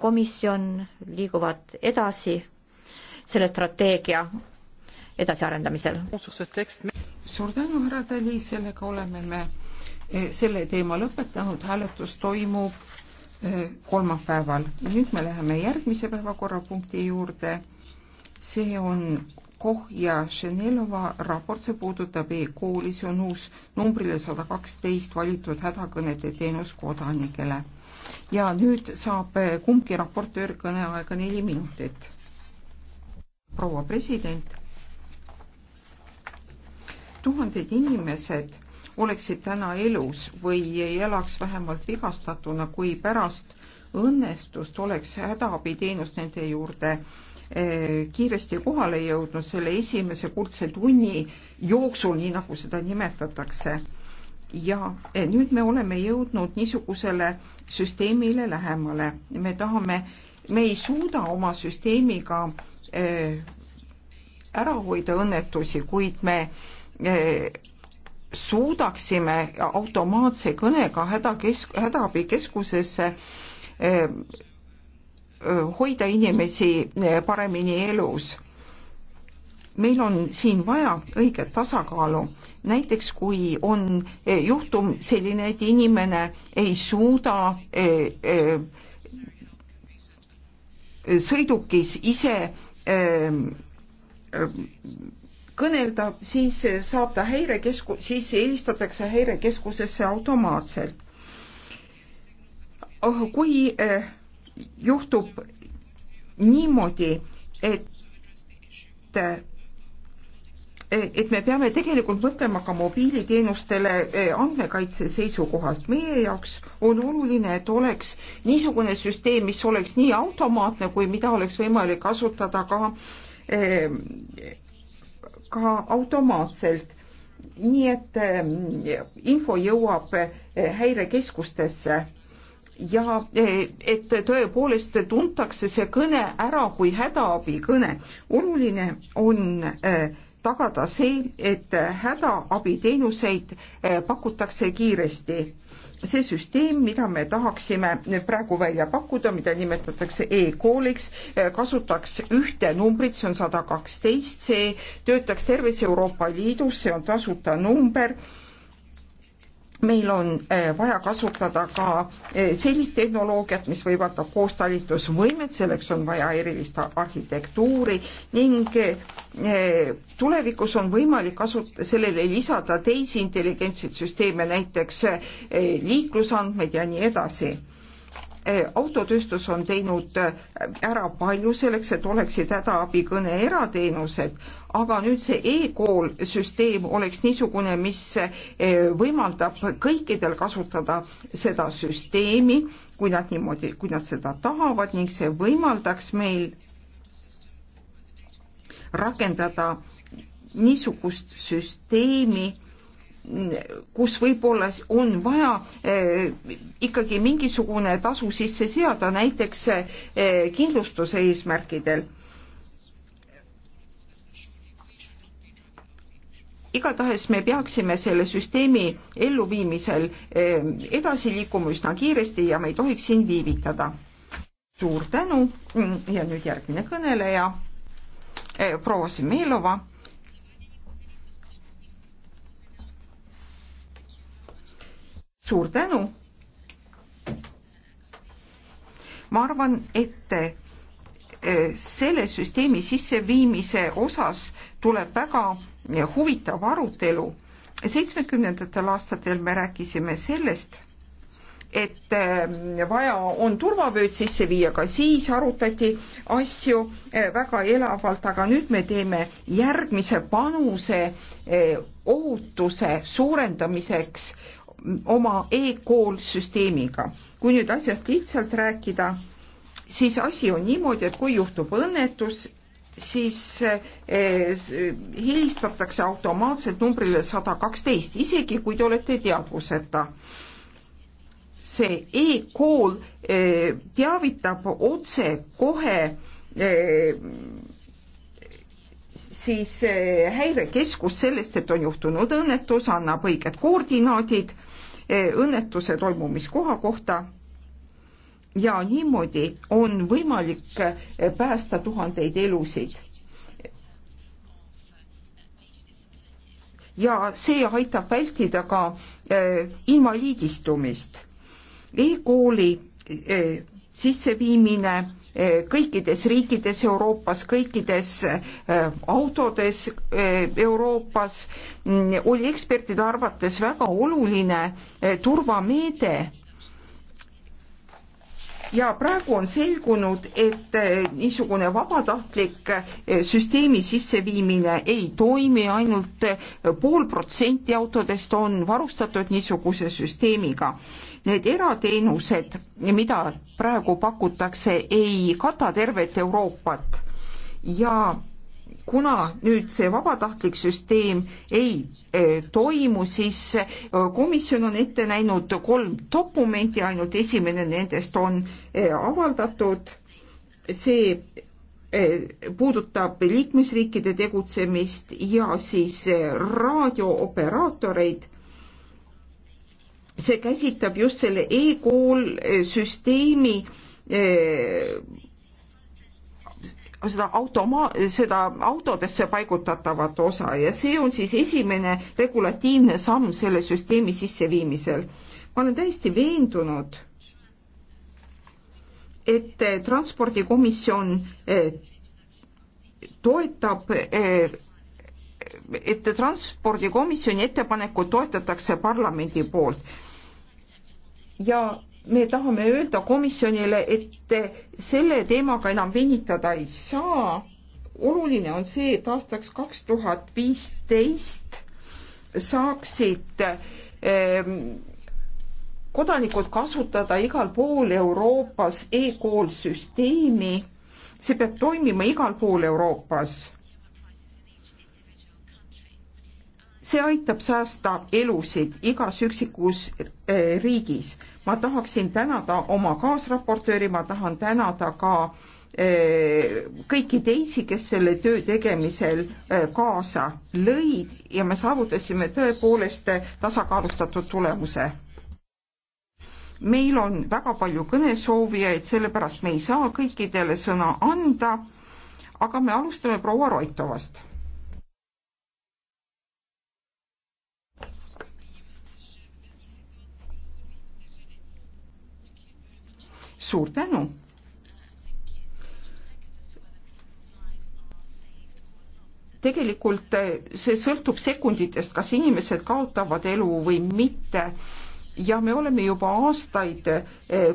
komisjon liiguvad edasi selle strateegia edasiarendamisel. suur tänu, härra Tali, sellega oleme me eh, selle teema lõpetanud, hääletus toimub eh, kolmapäeval. nüüd me läheme järgmise päevakorrapunkti juurde. see on Koh ja Ženelova raport, see puudutab e-kooli, see on uus numbrile sada kaksteist valitud hädakõnede teenus kodanikele ja nüüd saab kumbki raportöör kõneaega neli minutit. proua president, tuhanded inimesed oleksid täna elus või ei elaks vähemalt vigastatuna, kui pärast õnnestust oleks hädaabiteenus nende juurde eh, kiiresti kohale jõudnud selle esimese kuldse tunni jooksul, nii nagu seda nimetatakse ja eh, nüüd me oleme jõudnud niisugusele süsteemile lähemale. me tahame, me ei suuda oma süsteemiga eh, ära hoida õnnetusi, kuid me eh, suudaksime automaatse kõnega hädakesk-, hädaabikeskusesse hoida inimesi paremini elus meil on siin vaja õiget tasakaalu. näiteks kui on eh, juhtum selline, et inimene ei suuda eh, eh, sõidukis ise kõnelda, siis saab ta häirekesku-, siis helistatakse häirekeskusesse automaatselt. Oh, kui juhtub niimoodi, et Eh, et me peame tegelikult mõtlema ka mobiiliteenustele eh, andmekaitse seisukohast. meie jaoks on oluline, et oleks niisugune süsteem, mis oleks nii automaatne kui mida oleks võimalik kasutada ka, eh, ka automaatselt. nii et info jõuab häirekeskustesse ja et tõepoolest tuntakse see kõne ära kui hädaabikõne. oluline on äh, tagada see, et hädaabiteenuseid eh, pakutakse kiiresti. see süsteem, mida me tahaksime praegu välja pakkuda, mida nimetatakse e-kooliks, eh, kasutaks ühte numbrit, see on sada kaksteist, see töötaks terves Euroopa Liidus, see on tasuta number meil on äh, vaja kasutada ka äh, sellist tehnoloogiat, mis võimaldab koostalitusvõimet, selleks on vaja erilist arhitektuuri ning äh, tulevikus on võimalik kasut-, sellele lisada teisi intelligentseid süsteeme, näiteks liiklusandmeid ja nii edasi Eh, autotööstus on teinud eh, ära palju selleks, et oleksid hädaabikõne erateenused, aga nüüd see e-kool süsteem oleks niisugune, mis eh, võimaldab kõikidel kasutada seda süsteemi, kui nad niimoodi, kui nad seda tahavad ning see võimaldaks meil rakendada niisugust süsteemi kus võib-olla on vaja eh, ikkagi mingisugune tasu sisse seada, näiteks eh, kindlustuse eesmärkidel. igatahes me peaksime selle süsteemi elluviimisel eh, edasi liikuma üsna kiiresti ja me ei tohiks siin viivitada. suur tänu ja nüüd järgmine kõneleja, proua Semelova suur tänu. ma arvan, et e, selle süsteemi sisseviimise osas tuleb väga huvitav arutelu. seitsmekümnendatel aastatel me rääkisime sellest, et e, vaja on turvavööd sisse viia, ka siis arutati asju e, väga elavalt, aga nüüd me teeme järgmise panuse ohutuse suurendamiseks oma e-kool süsteemiga. kui nüüd asjast lihtsalt rääkida, siis asi on niimoodi, et kui juhtub õnnetus, siis eh, helistatakse automaatselt numbrile sada kaksteist, isegi kui te olete teadvuseta. see e-kool eh, teavitab otse kohe eh, siis häirekeskus sellest, et on juhtunud õnnetus, annab õiged koordinaadid Eh, õnnetuse tolmumiskoha kohta ja niimoodi on võimalik eh, päästa tuhandeid elusid. ja see aitab vältida ka eh, invaliidistumist e. e-kooli sisseviimine kõikides riikides Euroopas, kõikides äh, autodes äh, Euroopas mm, oli ekspertide arvates väga oluline äh, turvameede ja praegu on selgunud, et eh, niisugune vabatahtlik eh, süsteemi sisseviimine ei toimi ainult, ainult eh, pool protsenti autodest on varustatud niisuguse süsteemiga. Need erateenused, mida praegu pakutakse, ei kata tervet Euroopat ja kuna nüüd see vabatahtlik süsteem ei eh, toimu, siis eh, komisjon on ette näinud kolm dokumenti, ainult esimene nendest on eh, avaldatud. see puudutab liikmesriikide tegutsemist ja siis raadiooperaatoreid. see käsitleb just selle e-kool süsteemi seda automa-, seda autodesse paigutatavat osa ja see on siis esimene regulatiivne samm selle süsteemi sisseviimisel. ma olen täiesti veendunud, et transpordikomisjon eh, toetab eh, et transpordikomisjoni ettepanekut toetatakse parlamendi poolt ja me tahame öelda komisjonile, et selle teemaga enam venitada ei saa. oluline on see, et aastaks kaks tuhat viisteist saaksid ehm, kodanikud kasutada igal pool Euroopas e-kool süsteemi. see peab toimima igal pool Euroopas. see aitab säästa elusid igas üksikus eh, riigis ma tahaksin tänada oma kaasraportööri, ma tahan tänada ka e, kõiki teisi, kes selle töö tegemisel e, kaasa lõid ja me saavutasime tõepoolest tasakaalustatud tulemuse. meil on väga palju kõnesoovijaid, sellepärast me ei saa kõikidele sõna anda, aga me alustame proua Roitovast suur tänu. tegelikult eh, see sõltub sekunditest, kas inimesed kaotavad elu või mitte ja me oleme juba aastaid eh,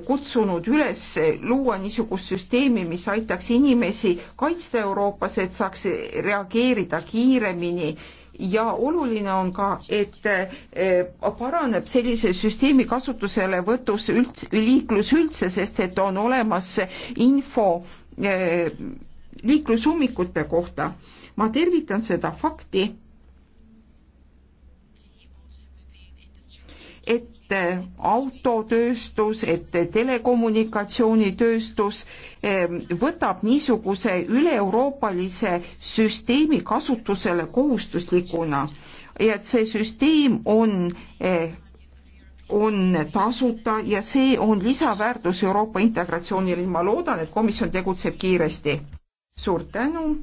kutsunud üles eh, luua niisugust süsteemi, mis aitaks inimesi kaitsta Euroopas, et saaks reageerida kiiremini ja oluline on ka, et eh, paraneb sellise süsteemi kasutuselevõtus üldse, liiklus üldse, sest et on olemas info eh, liiklusummikute kohta. ma tervitan seda fakti, et et autotööstus, et telekommunikatsioonitööstus ehm, võtab niisuguse üle-euroopalise süsteemi kasutusele kohustuslikuna ja et see süsteem on eh, on tasuta ja see on lisaväärtus Euroopa integratsioonile. ma loodan, et komisjon tegutseb kiiresti. suur tänu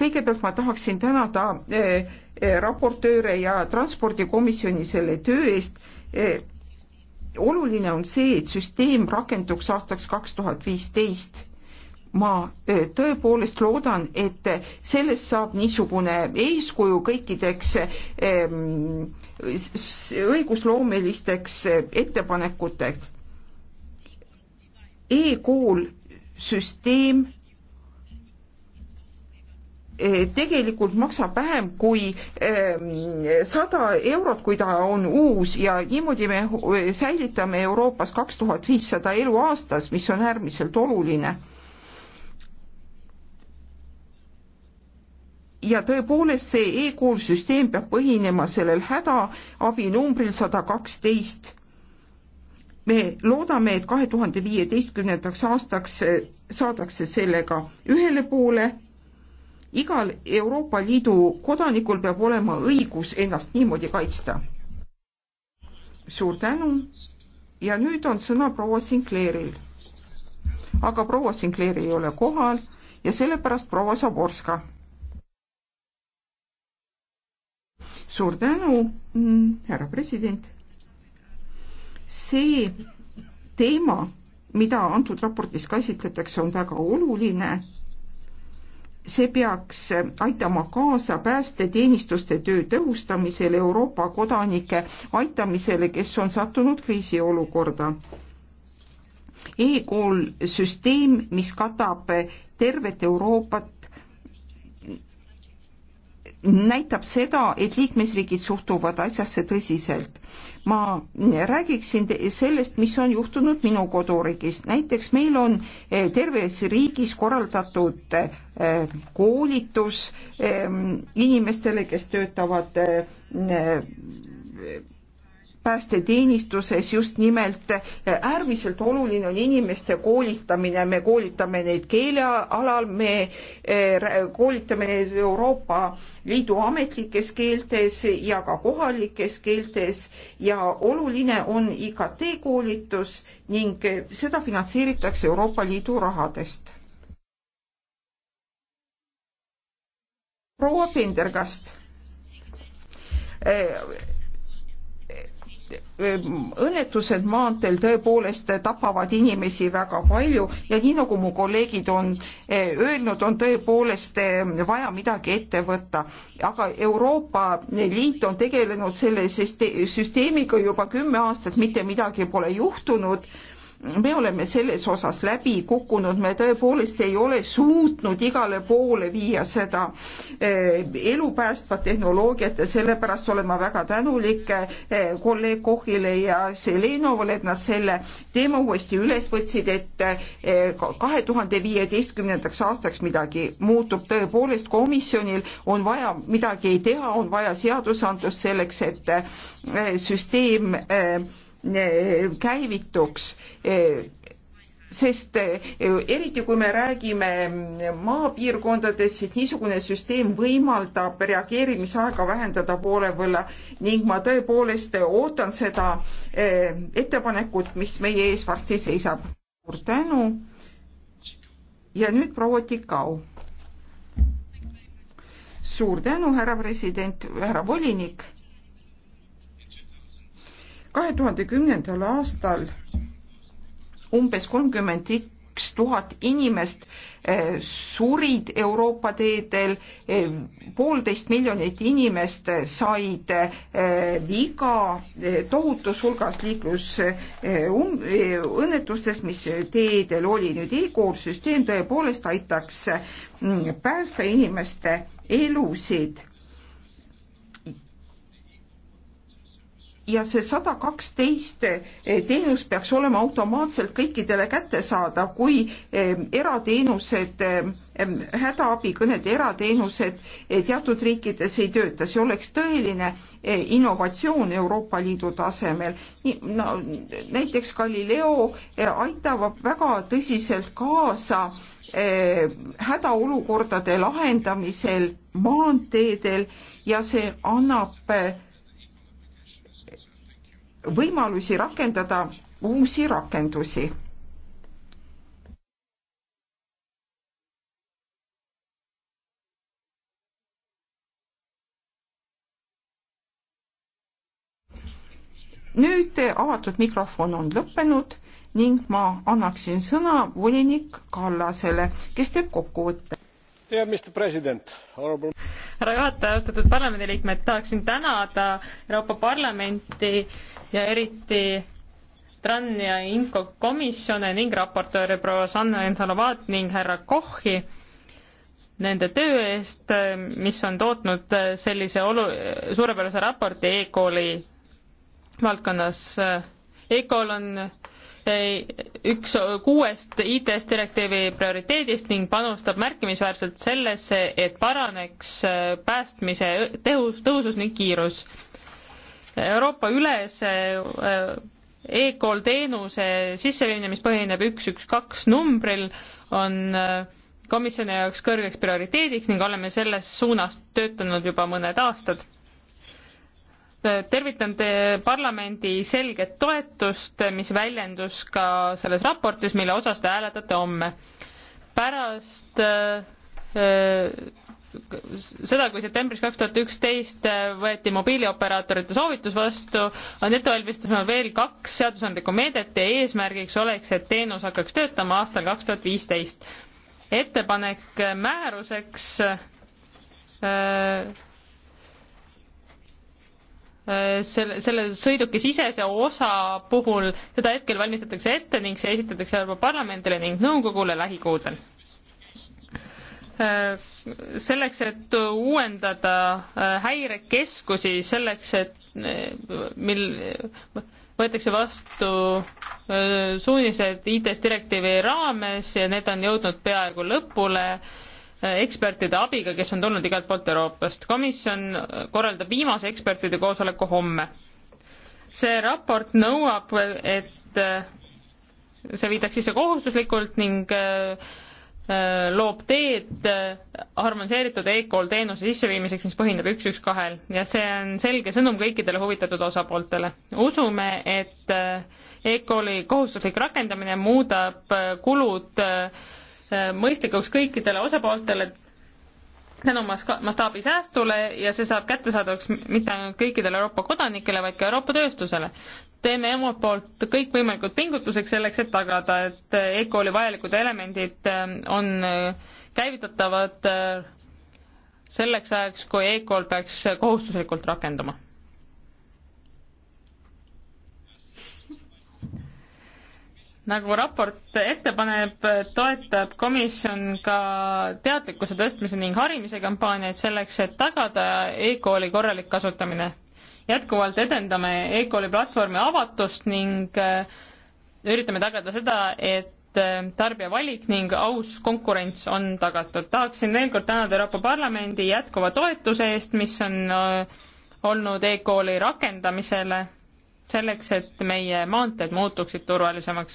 kõigepealt ma tahaksin tänada eh, eh, raportööre ja transpordikomisjoni selle töö eest. Eh, oluline on see, et süsteem rakenduks aastaks kaks tuhat viisteist ma tõepoolest loodan, et sellest saab niisugune eeskuju kõikideks ehm, õigusloomelisteks ettepanekuteks e. e-kool süsteem tegelikult maksab vähem kui ähm, sada eurot, kui ta on uus ja niimoodi me säilitame Euroopas kaks tuhat viissada elu aastas, mis on äärmiselt oluline. ja tõepoolest see e-kool süsteem peab põhinema sellel hädaabinumbril sada kaksteist. me loodame, et kahe tuhande viieteistkümnendaks aastaks äh, saadakse sellega ühele poole igal Euroopa Liidu kodanikul peab olema õigus ennast niimoodi kaitsta. suur tänu ja nüüd on sõna proua Sinclairil. aga proua Sinclair ei ole kohal ja sellepärast proua Zaborska. suur tänu, mm, härra president. see teema, mida antud raportis käsitletakse, on väga oluline see peaks aitama kaasa päästeteenistuste töö tõhustamisele, Euroopa kodanike aitamisele, kes on sattunud kriisiolukorda e. E-kool süsteem, mis katab tervet Euroopat, näitab seda, et liikmesriigid suhtuvad asjasse tõsiselt. ma räägiksin sellest, mis on juhtunud minu koduriigis. näiteks meil on eh, terves riigis korraldatud eh, koolitus eh, inimestele, kes töötavad päästeteenistuses just nimelt eh, äärmiselt oluline on inimeste koolitamine, me koolitame neid keele alal, me eh, koolitame neid Euroopa Liidu ametlikes keeltes ja ka kohalikes keeltes ja oluline on IKT koolitus ning seda finantseeritakse Euroopa Liidu rahadest. proua Pendergast eh, õnnetused maanteel tõepoolest tapavad inimesi väga palju ja nii nagu mu kolleegid on eh, öelnud, on tõepoolest eh, vaja midagi ette võtta. aga Euroopa Liit on tegelenud selle süsteemiga juba kümme aastat, mitte midagi pole juhtunud me oleme selles osas läbi kukkunud, me tõepoolest ei ole suutnud igale poole viia seda eh, elupäästvat tehnoloogiat ja sellepärast olen ma väga tänulik eh, kolleeg Kohile ja Selenovale, et nad selle teema uuesti üles võtsid, et eh, kahe tuhande viieteistkümnendaks aastaks midagi muutub, tõepoolest komisjonil on vaja midagi teha, on vaja seadusandlust selleks, et süsteem Eh, käivituks eh, sest eh, eriti kui me räägime maapiirkondadest, siis niisugune süsteem võimaldab reageerimisaega vähendada poole võrra ning ma tõepoolest ootan seda ettepanekut, mis meie ees varsti seisab. suur tänu. ja nüüd proua Tikau. suur tänu, härra president, härra volinik kahe tuhande kümnendal aastal umbes kolmkümmend üks tuhat inimest eh, surid Euroopa teedel, eh, poolteist miljonit inimest said eh, viga tohutus hulgas liiklusõnnetustest, um-, mis teedel oli. nüüd e-koolsüsteem tõepoolest aitaks mm, päästa inimeste elusid ja see sada kaksteist eh, teenus peaks olema automaatselt kõikidele kättesaadav, kui eh, erateenused, eh, hädaabikõnede erateenused teatud riikides ei tööta, see oleks tõeline innovatsioon Euroopa Liidu tasemel. No, näiteks Galileo aitavad väga tõsiselt kaasa hädaolukordade lahendamisel maanteedel ja see annab võimalusi rakendada uusi rakendusi. nüüd avatud mikrofon on lõppenud ning ma annaksin sõna volinik Kallasele, kes teeb kokkuvõtte härra juhataja, austatud parlamendiliikmed, tahaksin tänada Euroopa Parlamenti ja eriti TRAN ja INCO komisjone ning raportööre proua Sanna Jensalovat ning härra Kochi nende töö eest, mis on tootnud sellise olu-, suurepärase raporti e-kooli valdkonnas e. e-kool on üks kuuest ITS direktiivi prioriteedist ning panustab märkimisväärselt sellesse, et paraneks äh, päästmise tõhus, tõhusus ning kiirus. Euroopa ülese äh, e-call teenuse sisseviimine, mis põhineb üks, üks, kaks numbril, on äh, komisjoni jaoks kõrgeks prioriteediks ning oleme selles suunas töötanud juba mõned aastad tervitan te parlamendi selget toetust, mis väljendus ka selles raportis, mille osas te hääletate homme. pärast äh, seda, kui septembris kaks tuhat üksteist võeti mobiilioperaatorite soovitus vastu, on ettevalmistusel veel kaks seadusandlikku meedet ja eesmärgiks oleks, et teenus hakkaks töötama aastal kaks tuhat viisteist. ettepanek määruseks äh, Äh, selle, selle sõiduki sisese osa puhul, seda hetkel valmistatakse ette ning see esitatakse Euroopa Parlamendile ning nõukogule lähikuudel. Äh, selleks, et uuendada äh, häirekeskusi, selleks, et mil võetakse vastu suunised IT-s direktiivi raames ja need on jõudnud peaaegu lõpule, ekspertide abiga, kes on tulnud igalt poolt Euroopast. komisjon korraldab viimase ekspertide koosoleku homme. see raport nõuab, et äh, see viidaks sisse kohustuslikult ning äh, äh, loob teed harmoniseeritud e-call teenuse sisseviimiseks, mis põhineb üks, üks, kahel ja see on selge sõnum kõikidele huvitatud osapooltele. usume, et e-call'i kohustuslik rakendamine muudab kulud äh, mõistlikuks kõikidele osapooltele tänu mastaabi säästule ja see saab kättesaadavaks mitte ainult kõikidele Euroopa kodanikele, vaid ka Euroopa tööstusele. teeme omalt poolt kõikvõimalikud pingutused selleks, et tagada, et e-kooli vajalikud elemendid ähm, on äh, käivitatavad äh, selleks ajaks, kui e-kool peaks kohustuslikult rakenduma nagu raport ette paneb, toetab komisjon ka teadlikkuse tõstmise ning harimise kampaaniaid selleks, et tagada e-kooli korralik kasutamine. jätkuvalt edendame e-kooli platvormi avatust ning äh, üritame tagada seda, et äh, tarbija valik ning aus konkurents on tagatud. tahaksin veel kord tänada Euroopa Parlamendi jätkuva toetuse eest, mis on äh, olnud e-kooli rakendamisele, selleks et meie maanteed muutuksid turvalisemaks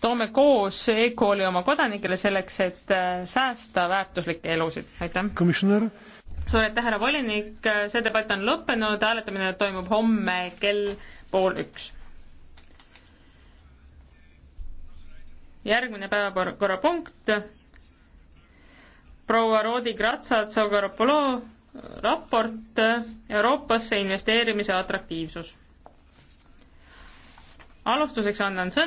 toome koos e-kooli oma kodanikele selleks, et äh, säästa väärtuslikke elusid, aitäh. suur aitäh, härra volinik, see debatt on lõppenud, hääletamine toimub homme kell pool üks. järgmine päevakorrapunkt, proua Roodi Gratsa-Tsogoropolo raport Euroopasse investeerimise atraktiivsus. alustuseks annan sõna